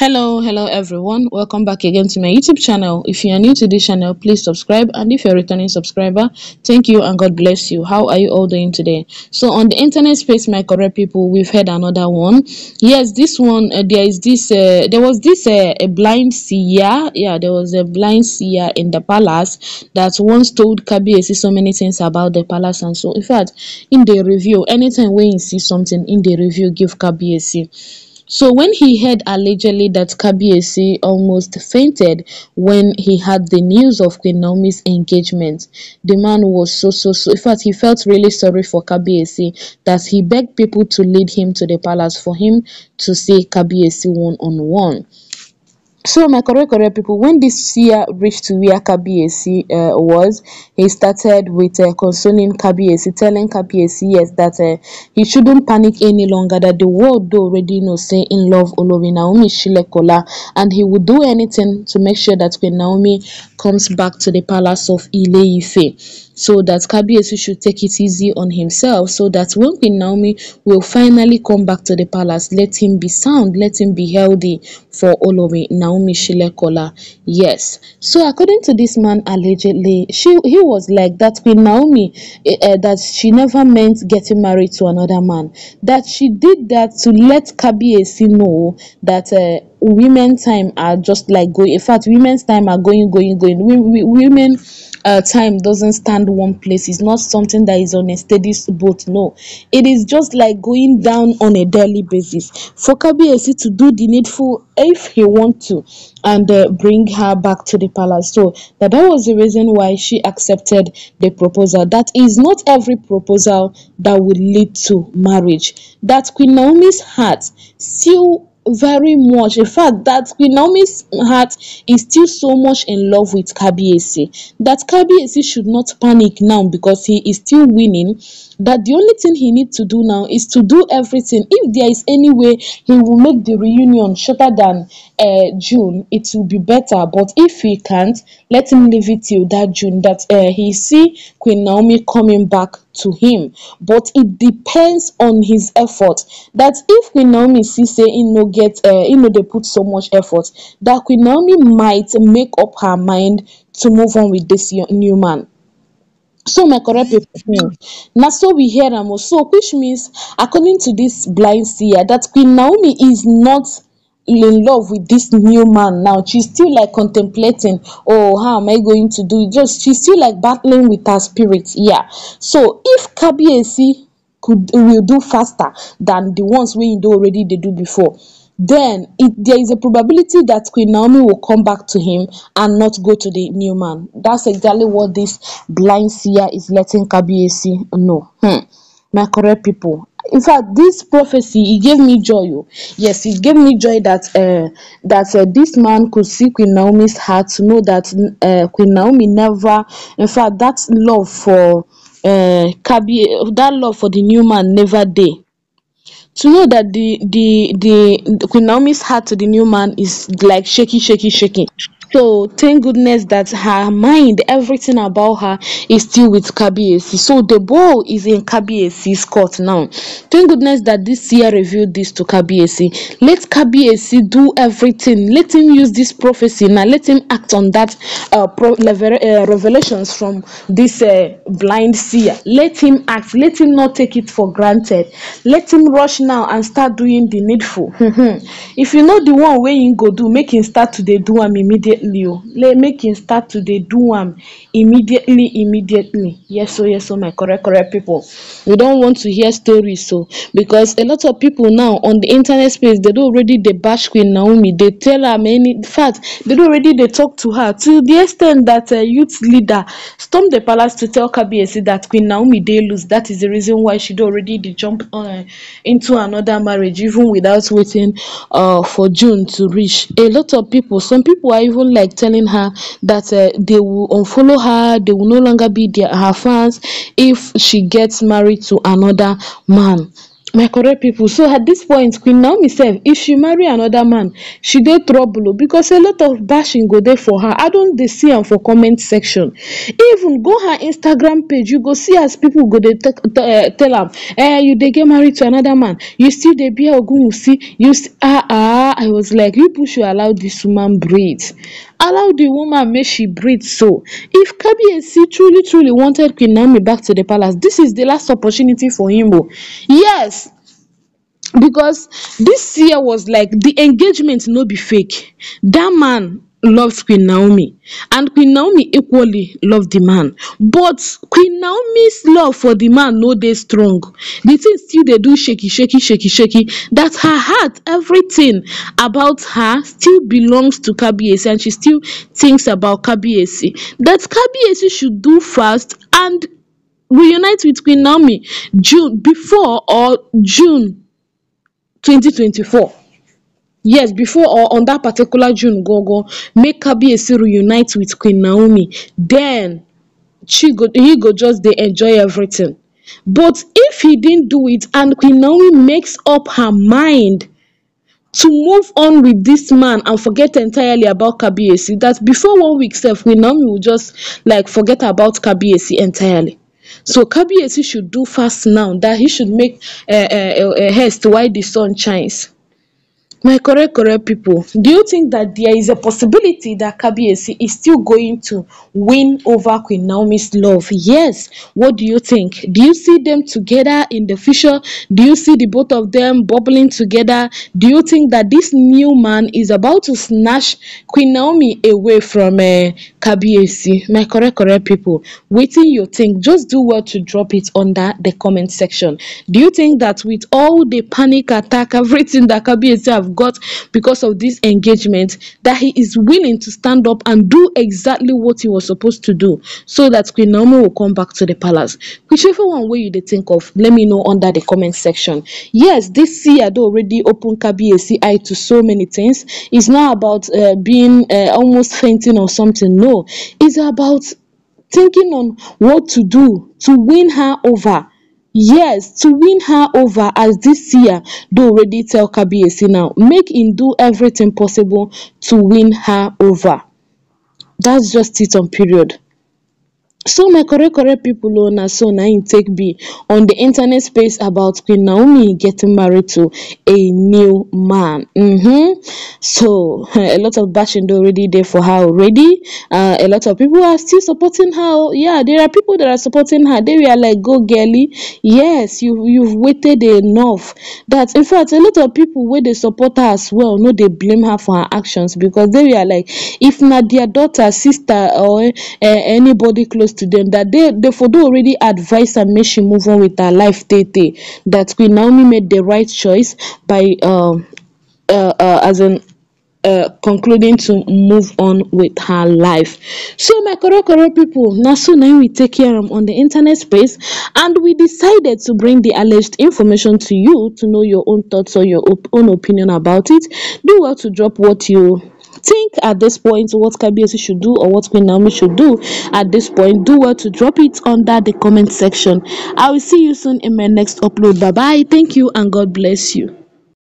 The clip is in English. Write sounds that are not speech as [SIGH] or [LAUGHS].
hello hello everyone welcome back again to my youtube channel if you are new to this channel please subscribe and if you're a returning subscriber thank you and god bless you how are you all doing today so on the internet space my correct people we've had another one yes this one uh, there is this uh, there was this uh, a blind seer yeah there was a blind seer in the palace that once told kabi so many things about the palace and so in fact in the review anytime when you see something in the review give kabi so when he heard allegedly that Kabiesi almost fainted when he had the news of Queen Naomi's engagement, the man was so, so, so. In fact, he felt really sorry for Kabiesi that he begged people to lead him to the palace for him to see Kabiesi one-on-one. -on -one. So my correct correct people, when this year reached to where KBAC uh, was, he started with uh, concerning KBAC, telling KBAC yes that uh, he shouldn't panic any longer. That the world already knows say in love Olori Naomi Shilekola, and he would do anything to make sure that when Naomi comes back to the palace of Ile Ife so that Kabiyesi should take it easy on himself so that when Queen Naomi will finally come back to the palace, let him be sound, let him be healthy for all of it. Naomi Shilekola. Yes. So according to this man, allegedly, she he was like that Queen Naomi, uh, that she never meant getting married to another man, that she did that to let Kabiyesi know that uh, women time are just like going. In fact, women's time are going, going, going. We, we, women uh, time doesn't stand one place. It's not something that is on a steady boat. No, it is just like going down on a daily basis. For Kabiyesi to do the needful if he want to and uh, bring her back to the palace. So that, that was the reason why she accepted the proposal. That is not every proposal that would lead to marriage. That Queen Naomi's heart still very much. In fact, that Queen Naomi's heart is still so much in love with Kabiesi that Kabiesi should not panic now because he is still winning. That the only thing he needs to do now is to do everything. If there is any way he will make the reunion shorter than uh, June, it will be better. But if he can't, let him leave it till that June that uh, he see Queen Naomi coming back to him. But it depends on his effort. That if Queen Naomi sees in no uh, you know they put so much effort that Queen Naomi might make up her mind to move on with this new man. So my correct people, now so we hear them also, which means according to this blind seer that Queen Naomi is not in love with this new man now she's still like contemplating oh how am i going to do it just she's still like battling with her spirit yeah so if kbac could will do faster than the ones we already they do before then it, there is a probability that Queen Naomi will come back to him and not go to the new man. That's exactly what this blind seer is letting Kabiesi know. Hmm. My correct people, in fact this prophecy it gave me joy oh. yes it gave me joy that uh, that uh, this man could see queen naomi's heart to know that uh, queen naomi never in fact that love for uh kabi that love for the new man never day to know that the the the queen naomi's heart to the new man is like shaky shaky shaky. So thank goodness that her mind, everything about her is still with Kabiesi. So the ball is in Kabiesi's court now. Thank goodness that this year revealed this to Kabiesi. Let Kabiesi do everything. Let him use this prophecy now. Let him act on that uh, uh, revelations from this uh, blind seer. Let him act. Let him not take it for granted. Let him rush now and start doing the needful. [LAUGHS] if you know the one way you go do, make him start today. Do am immediately immediately let' make him start to dey do am immediately immediately yes so yes so my correct correct people we don't want to hear stories so because a lot of people now on the internet space they do already dey bash queen naomi They tell her many fact they don already they talk to her to the extent that a uh, youth leader stormed the palace to tell kabiyesi that queen naomi dey loose that is the reason why she don already dey jump uh, into another marriage even without waiting uh, for june to reach a lot of people some people are even like telling her that uh, they will unfollow her, they will no longer be their, her fans if she gets married to another man my correct people. so at this point queen naomi said, if she marry another man she dey trouble because a lot of bashing go there for her i don't see him for comment section even go her instagram page you go see as people go dey eh, tell them eh you dey get married to another man you still be bear See, you ah ah i was like you push should allow this woman breathe allow the woman make she breathe so if kabiyesi truly truly wanted queen naomi back to the palace this is the last opportunity for him yes because this year was like the engagement no be fake That man loved queen naomi and queen naomi equally love the man but queen naomis love for the man no dey strong They tin still they do shaky shaky shaky shaky That her heart everything about her still belongs to kabiyesi and she still thinks about kabiyesi that kabiyesi should do fast and reunite with queen naomi june before or june 2024. Yes, before or on that particular June, Gogo, make Kabi reunite unite with Queen Naomi. Then she go, he go just they enjoy everything. But if he didn't do it and Queen Naomi makes up her mind to move on with this man and forget entirely about Kabiesi, that before one week self, Queen Naomi will just like forget about Kabiesi entirely. So Kabiyesi should do fast now that he should make uh, uh, uh, haste while the sun shines. My correct, correct people, do you think that there is a possibility that Kabiesi is still going to win over Queen Naomi's love? Yes. What do you think? Do you see them together in the future? Do you see the both of them bubbling together? Do you think that this new man is about to snatch Queen Naomi away from uh, My correct, correct people, waiting you think, just do well to drop it under the comment section. Do you think that with all the panic attack, [LAUGHS] everything that Kabiesi have have got because of this engagement that he is willing to stand up and do exactly what he was supposed to do so that Queen Naomi will come back to the palace. Whichever one way you think of, let me know under the comment section. Yes, this year they already opened Kabi ACI to so many things. It's not about uh, being uh, almost fainting or something. No, it's about thinking on what to do to win her over Yes, to win her over as this year, they already tell Kabiesi now, make him do everything possible to win her over. That's just it on period so my correct correct people on na so now im take be on the internet space about queen naomi getting married to a new man mm-hmm. so [LAUGHS] a lot of bashing already there for her already uh, a lot of people are still supporting her yeah there are people that are supporting her they were like go girly yes you you've waited enough that in fact a lot of people where they support her as well no they blame her for her actions because they were like if not their daughter sister or uh, anybody close to them that they they for don already advise and make she move on with her life day day that Queen Naomi made the right choice by um uh, uh, as in uh, concluding to move on with her life. So my coro people, now soon now we take care of on the internet space and we decided to bring the alleged information to you to know your own thoughts or your op own opinion about it. Do well to drop what you think at this point what Kabiesi should do or what Queen Naomi should do at this point, do well to drop it under the comment section. I will see you soon in my next upload. Bye bye. Thank you and God bless you.